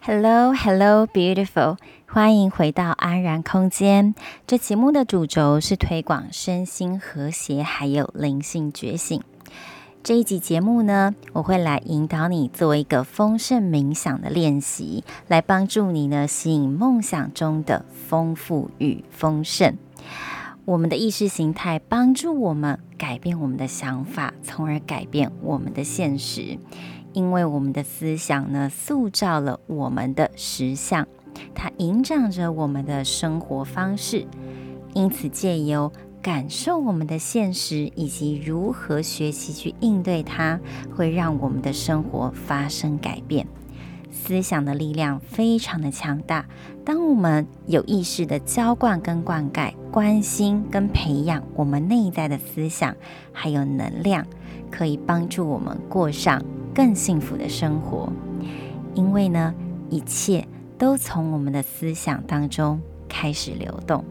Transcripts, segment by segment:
Hello, hello, beautiful！歡迎回到安然空間。這節目的主軸是推廣身心和諧，還有靈性覺醒。這一集節目呢，我會來引導你做一個豐盛冥想的練習，來幫助你呢吸引夢想中的豐富與豐盛。我們的意識形態幫助我們改變我們的想法，從而改變我們的現實。因為我們的思想呢，塑造了我們的實相，它影響着我們的生活方式。因此，借由感受我們的現實以及如何學習去應對它，會讓我們的生活發生改變。思想的力量非常的強大。當我們有意識的澆灌、跟灌溉、關心、跟培養我們內在的思想，還有能量，可以幫助我們過上更幸福的生活，因為呢，一切都從我們的思想當中開始流動。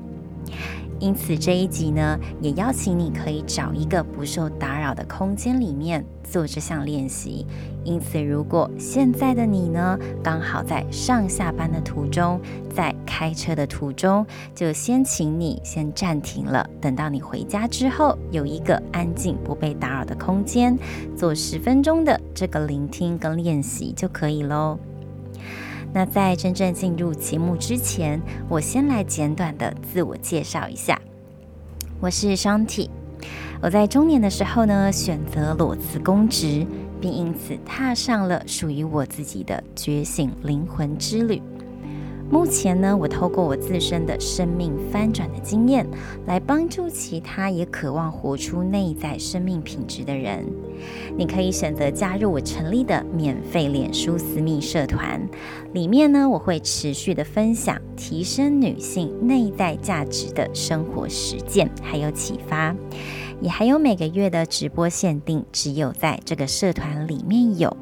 因此這一集呢，也邀請你可以找一個不受打擾的空間裡面做這項練習。因此，如果現在的你呢，剛好在上下班的途中，在開車的途中，就先請你先暫停了，等到你回家之後，有一個安靜不被打擾的空間，做十分鐘的這個聆聽跟練習就可以嘍。那在真正進入節目之前，我先來簡短的自我介紹一下。我是 Shanti，我在中年的時候呢，選擇裸辭公職，並因此踏上了屬於我自己的覺醒靈魂之旅。目前呢，我透過我自身的生命翻轉的經驗，來幫助其他也渴望活出內在生命品質的人。你可以選擇加入我成立的免費臉書私密社團，裡面呢，我會持續的分享提升女性內在價值的生活實踐還有啟發，也還有每個月的直播限定，只有在這個社團裡面有。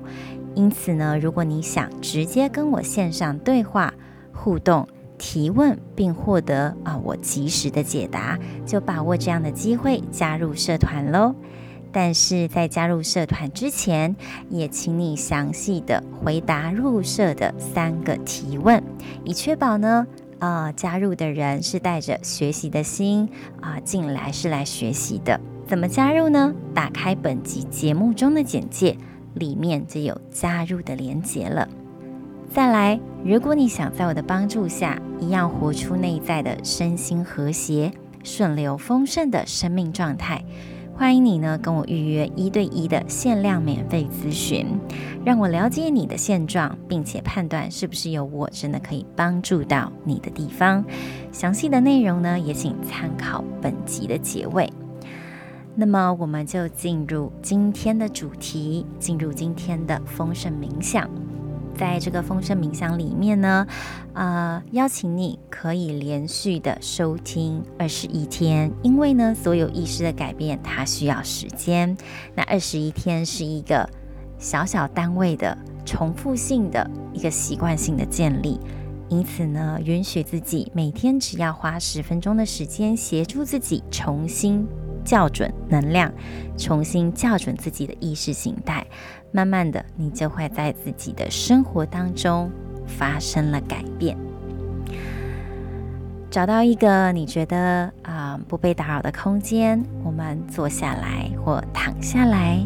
因此呢，如果你想直接跟我線上對話，互動提問並獲得啊、呃，我及時的解答，就把握這樣的機會加入社團嘍。但是在加入社團之前，也請你詳細的回答入社的三個提問，以確保呢，呃，加入的人是帶着學習的心啊、呃、進來是來學習的。怎麼加入呢？打開本集節目中的簡介，裡面就有加入的連接了。再來，如果你想在我的幫助下，一樣活出內在的身心和諧、順流豐盛的生命狀態，歡迎你呢跟我預約一對一的限量免費諮詢，讓我了解你的現狀，並且判斷是不是有我真的可以幫助到你的地方。詳細的內容呢，也請參考本集的結尾。那麼，我們就進入今天的主題，進入今天的豐盛冥想。在這個豐盛冥想裡面呢，呃，邀請你可以連續的收聽二十一天，因為呢，所有意識的改變它需要時間，那二十一天是一個小小單位的重複性的一個習慣性的建立，因此呢，允許自己每天只要花十分鐘的時間，協助自己重新。校準能量，重新校準自己的意識形態，慢慢的，你就會在自己的生活當中發生了改變。找到一個你覺得啊、呃、不被打擾的空間，我們坐下來或躺下來，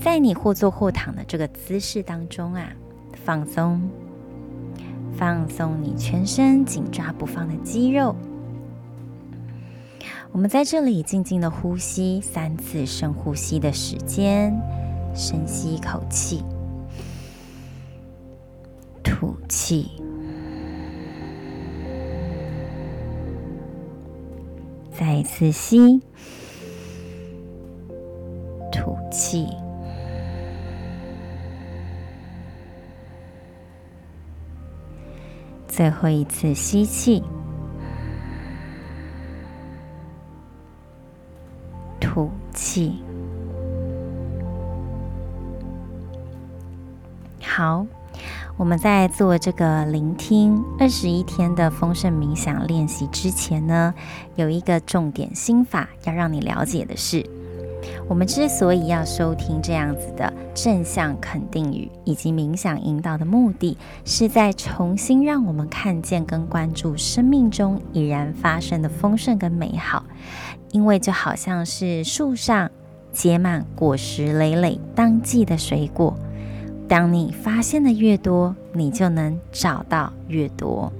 在你或坐或躺的這個姿勢當中啊，放鬆，放鬆你全身緊抓不放的肌肉。我們在這裡靜靜的呼吸三次深呼吸的時間，深吸一口氣，吐氣，再一次吸，吐氣，最後一次吸氣。好，我們在做這個聆聽二十一天的豐盛冥想練習之前呢，有一個重點心法要讓你了解的是，我們之所以要收聽這樣子的正向肯定語以及冥想引導的目的，是在重新讓我們看見跟關注生命中已然發生的豐盛跟美好。因為就好像是樹上結滿果實累累、當季的水果，當你發現的越多，你就能找到越多，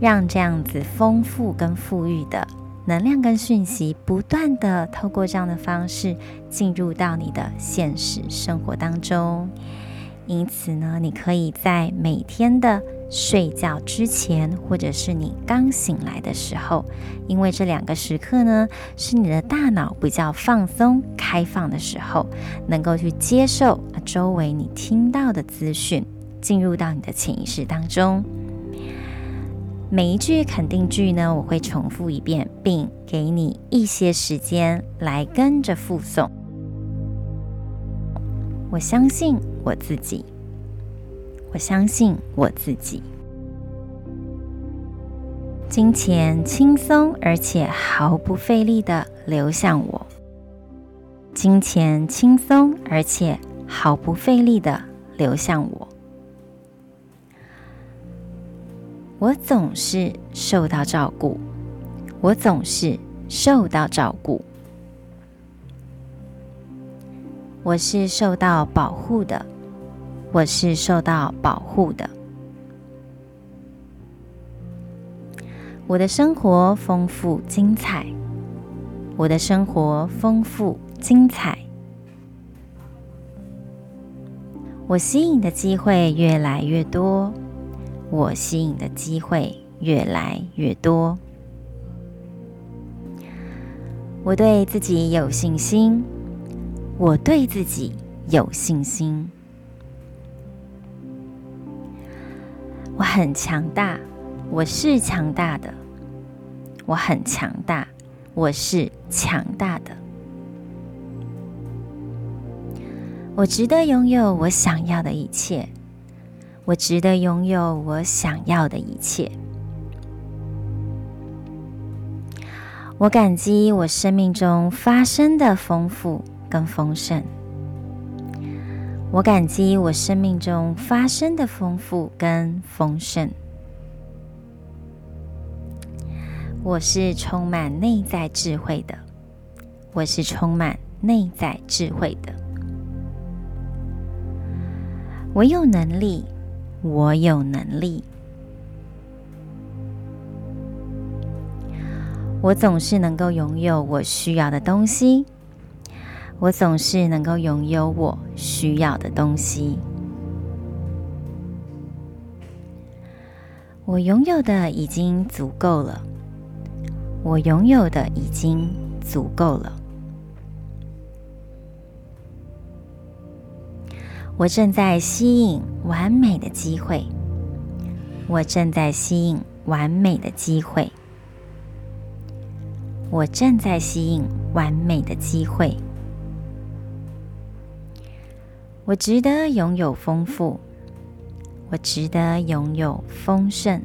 讓這樣子豐富跟富裕的能量跟訊息，不斷地透過這樣的方式，進入到你的現實生活當中。因此呢，你可以在每天的睡覺之前，或者是你剛醒來的時候，因為這兩個時刻呢，是你的大腦比較放鬆、開放的時候，能夠去接受周圍你聽到的資訊，進入到你的潛意識當中。每一句肯定句呢，我會重複一遍，並給你一些時間來跟着複誦。我相信。我自己，我相信我自己。金錢輕鬆而且毫不費力地流向我。金錢輕鬆而且毫不費力地流向我。我總是受到照顧，我總是受到照顧。我是受到保護的。我是受到保護的，我的生活豐富精彩，我的生活豐富精彩，我吸引的機會越來越多，我吸引的機會越來越多，我對自己有信心，我對自己有信心。我很強大，我是強大的。我很強大，我是強大的。我值得擁有我想要的一切，我值得擁有我想要的一切。我感激我生命中發生的豐富跟豐盛。我感激我生命中發生的豐富跟豐盛。我是充滿內在智慧的。我是充滿內在智慧的。我有能力，我有能力。我總是能夠擁有我需要的東西。我總是能夠擁有我需要的東西。我擁有的已經足夠了。我擁有的已經足夠了。我正在吸引完美的機會。我正在吸引完美的機會。我正在吸引完美的機會。我值得擁有豐富，我值得擁有豐盛。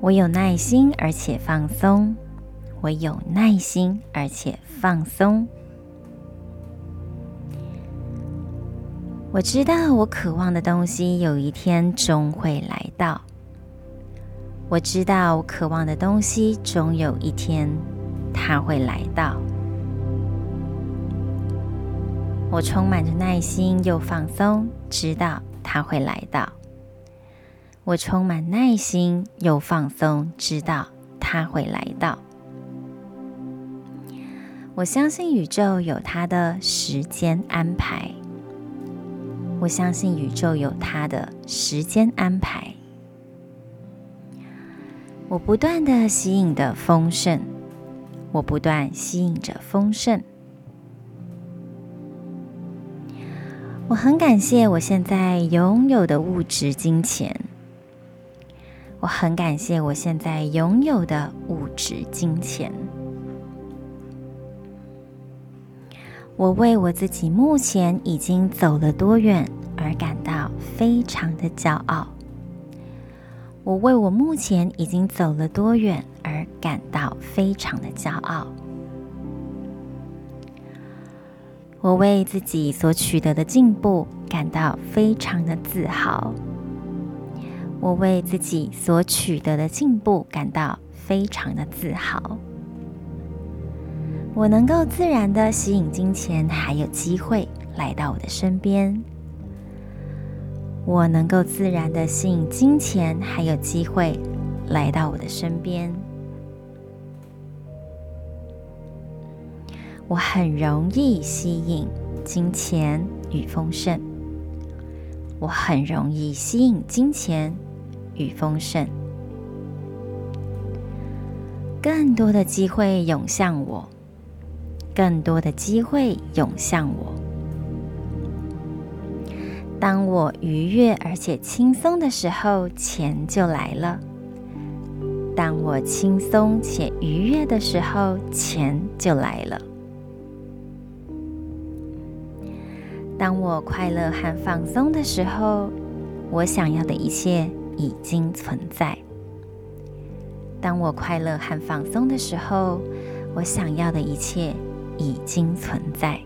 我有耐心而且放鬆，我有耐心而且放鬆。我知道我渴望的東西有一天終會來到，我知道我渴望的東西終有一天它會來到。我充滿着耐心又放鬆，知道他會來到。我充滿耐心又放鬆，知道他會來到。我相信宇宙有它的時間安排。我相信宇宙有它的時間安排。我不斷的吸引着豐盛，我不斷吸引着豐盛。我很感謝我現在擁有的物質金錢。我很感謝我現在擁有的物質金錢。我為我自己目前已經走了多遠而感到非常的驕傲。我為我目前已經走了多遠而感到非常的驕傲。我為自己所取得的進步感到非常的自豪。我為自己所取得的進步感到非常的自豪。我能夠自然的吸引金錢還有機會來到我的身邊。我能夠自然的吸引金錢還有機會來到我的身邊。我很容易吸引金錢與豐盛。我很容易吸引金錢與豐盛。更多的機會湧向我，更多的機會湧向我。當我愉悅而且輕鬆的時候，錢就來了。當我輕鬆且愉悅的時候，錢就來了。當我快樂和放鬆的時候，我想要的一切已經存在。當我快樂和放鬆的時候，我想要的一切已經存在。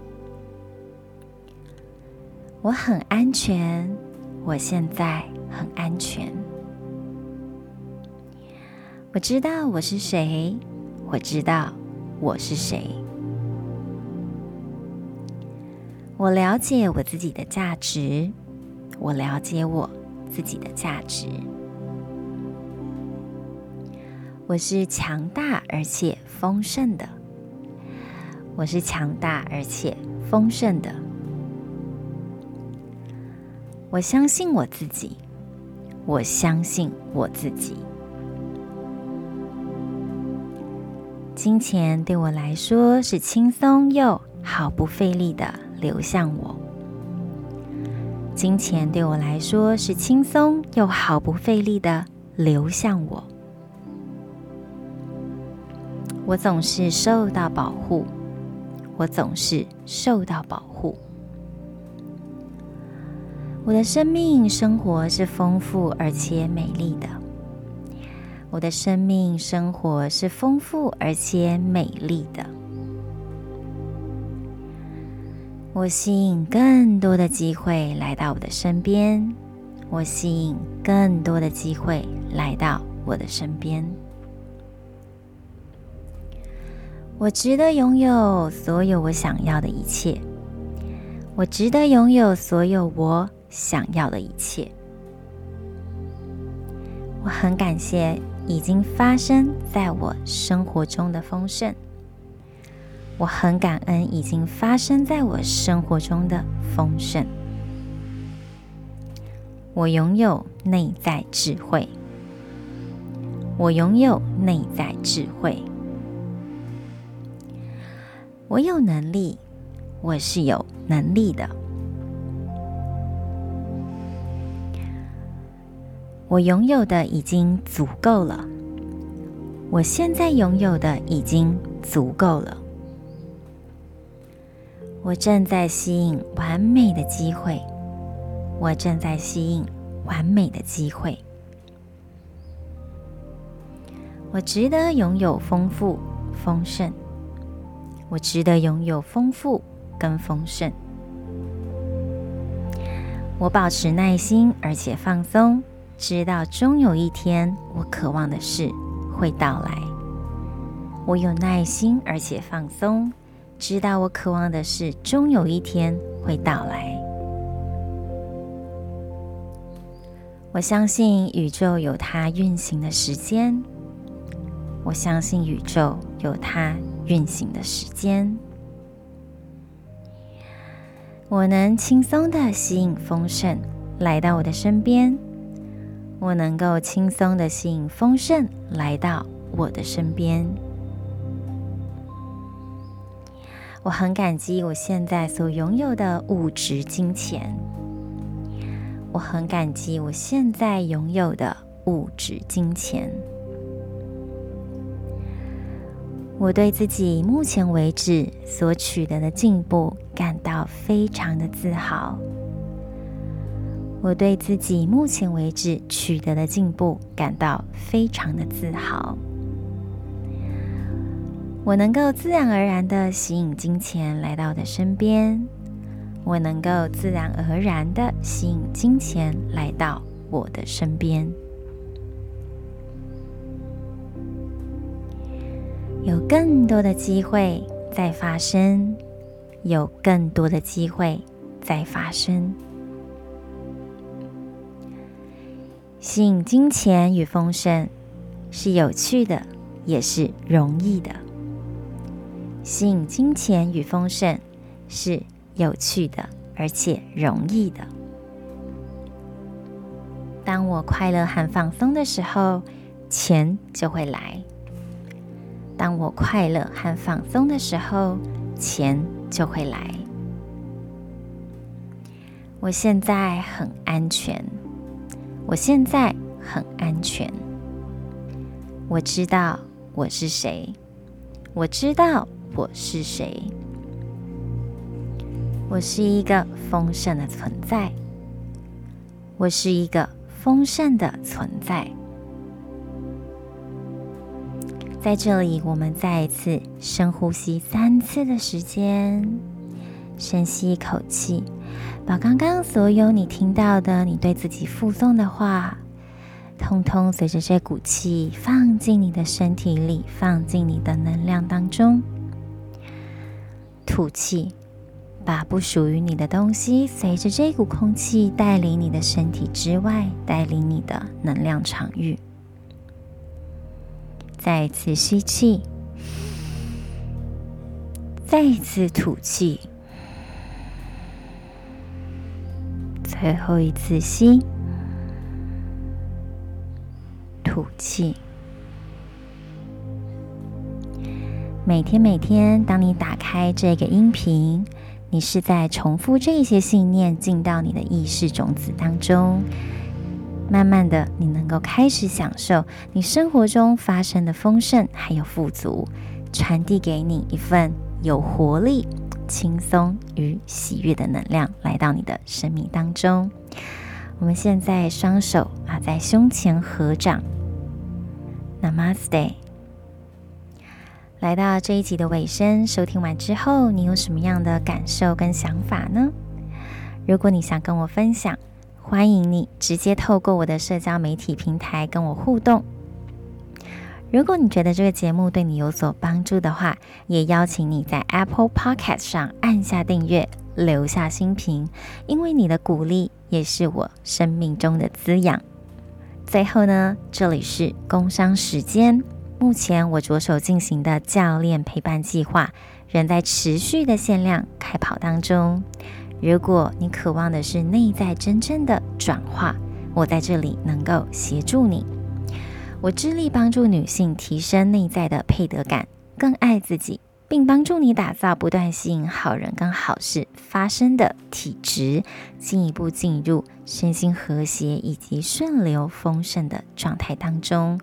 我很安全，我現在很安全。我知道我是誰，我知道我是誰。我了解我自己的價值，我了解我自己的價值。我是強大而且豐盛的，我是強大而且豐盛的。我相信我自己，我相信我自己。金錢對我來說是輕鬆又毫不費力的流向我，金錢對我來說是輕鬆又毫不費力的流向我。我總是受到保護，我總是受到保護。我的生命生活是豐富而且美麗的，我的生命生活是豐富而且美麗的。我吸引更多的機會來到我的身邊，我吸引更多的機會來到我的身邊。我值得擁有所有我想要的一切，我值得擁有所有我想要的一切。我很感謝已經發生在我生活中的豐盛。我很感恩已經發生在我生活中的豐盛。我擁有內在智慧。我擁有內在智慧。我有能力，我是有能力的。我擁有的已經足夠了。我現在擁有的已經足夠了。我正在吸引完美的機會。我正在吸引完美的機會。我值得擁有豐富豐盛。我值得擁有豐富跟豐盛。我保持耐心而且放鬆，直到終有一天我渴望的事會到來。我有耐心而且放鬆。知道我渴望的事，終有一天會到來。我相信宇宙有它運行的時間。我相信宇宙有它運行的時間。我能輕鬆的吸引豐盛來到我的身邊。我能夠輕鬆的吸引豐盛來到我的身邊。我很感激我現在所擁有的物質金錢。我很感激我現在擁有的物質金錢。我對自己目前為止所取得的進步感到非常的自豪。我對自己目前為止取得的進步感到非常的自豪。我能夠自然而然的吸引金錢來到我的身邊。我能夠自然而然的吸引金錢來到我的身邊。有更多的機會在發生，有更多的機會在發生。吸引金錢與豐盛是有趣的，也是容易的。吸引金錢與豐盛是有趣的，而且容易的。當我快樂和放鬆的時候，錢就會來。當我快樂和放鬆的時候，錢就會來。我現在很安全。我現在很安全。我知道我是誰。我知道。我是誰？我是一個豐盛的存在。我是一個豐盛的存在。在這裡，我們再一次深呼吸三次的時間，深吸一口氣，把剛剛所有你聽到的、你對自己複誦的話，通通隨着這股氣放進你的身體裡，放進你的能量當中。吐氣，把不屬於你的東西，隨着這股空氣帶離你的身體之外，帶離你的能量場域。再一次吸氣，再一次吐氣，最後一次吸，吐氣。每天，每天，當你打開這個音頻，你是在重複這些信念進到你的意識種子當中。慢慢的，你能夠開始享受你生活中發生的豐盛還有富足，傳遞給你一份有活力、輕鬆與喜悅的能量來到你的生命當中。我們現在雙手放在胸前合掌，Namaste。來到這一集的尾聲，收聽完之後，你有什麼樣的感受跟想法呢？如果你想跟我分享，歡迎你直接透過我的社交媒體平台跟我互動。如果你覺得這個節目對你有所幫助的話，也邀請你在 Apple Podcast 上按下訂閱，留下星評，因為你的鼓勵也是我生命中的滋養。最後呢，這裡是工商時間。目前我着手進行的教練陪伴計劃仍在持續的限量開跑當中。如果你渴望的是內在真正的轉化，我在這裡能夠協助你。我致力幫助女性提升內在的配得感，更愛自己，並幫助你打造不斷吸引好人跟好事發生的體質，進一步進入身心和諧以及順流豐盛的狀態當中。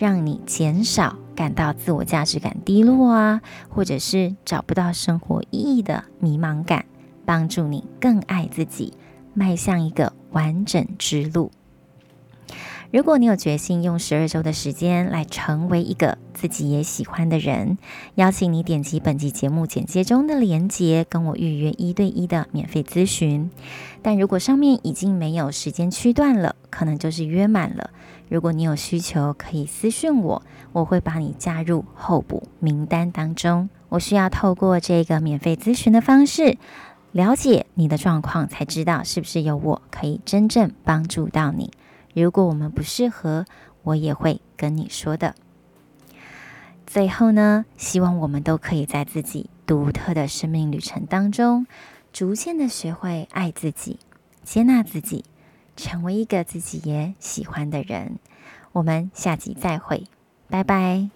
讓你減少感到自我價值感低落啊，或者是找不到生活意義的迷茫感，幫助你更愛自己，邁向一個完整之路。如果你有決心用十二周的時間來成為一個自己也喜歡的人，邀請你點擊本集節目簡介中的鏈接，跟我預約一對一的免費諮詢。但如果上面已經沒有時間區段了，可能就是約滿了。如果你有需求，可以私信我，我會把你加入候補名單當中。我需要透過這個免費諮詢的方式，了解你的狀況，才知道是不是有我可以真正幫助到你。如果我們不適合，我也會跟你說的。最後呢，希望我們都可以在自己獨特的生命旅程當中，逐漸的學會愛自己，接納自己。成為一個自己也喜歡的人，我們下集再會，拜拜。